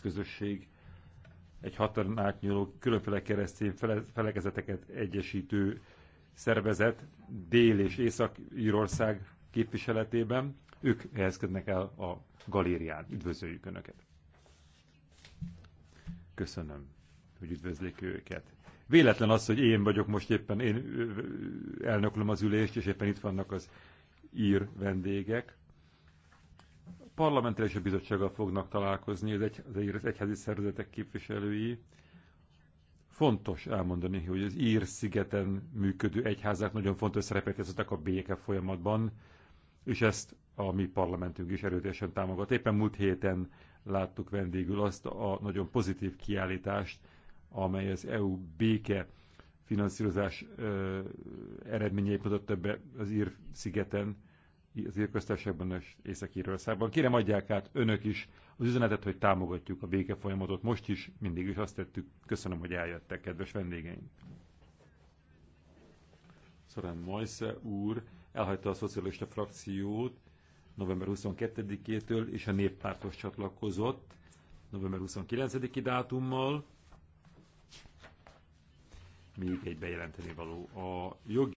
közösség egy határon átnyúló különféle keresztény fele, felekezeteket egyesítő szervezet Dél- és Észak-Írország képviseletében. Ők helyezkednek el a galérián. Üdvözöljük Önöket! Köszönöm, hogy üdvözlik őket. Véletlen az, hogy én vagyok most éppen, én elnöklöm az ülést, és éppen itt vannak az ír vendégek parlamentre és a bizottsággal fognak találkozni az, egy, az egyházi szervezetek képviselői. Fontos elmondani, hogy az Ír-szigeten működő egyházak nagyon fontos szerepet játszottak a béke folyamatban, és ezt a mi parlamentünk is erőteljesen támogat. Éppen múlt héten láttuk vendégül azt a nagyon pozitív kiállítást, amely az EU béke finanszírozás ö, eredményeit mutatta be az Ír-szigeten, az írköztesekben és Észak-Írországban. Kérem adják át önök is az üzenetet, hogy támogatjuk a folyamatot. Most is, mindig is azt tettük. Köszönöm, hogy eljöttek, kedves vendégeim. Szorán Majsze úr elhagyta a szocialista frakciót november 22-től, és a néppártos csatlakozott november 29-i dátummal. Még egy bejelenteni való. A jogi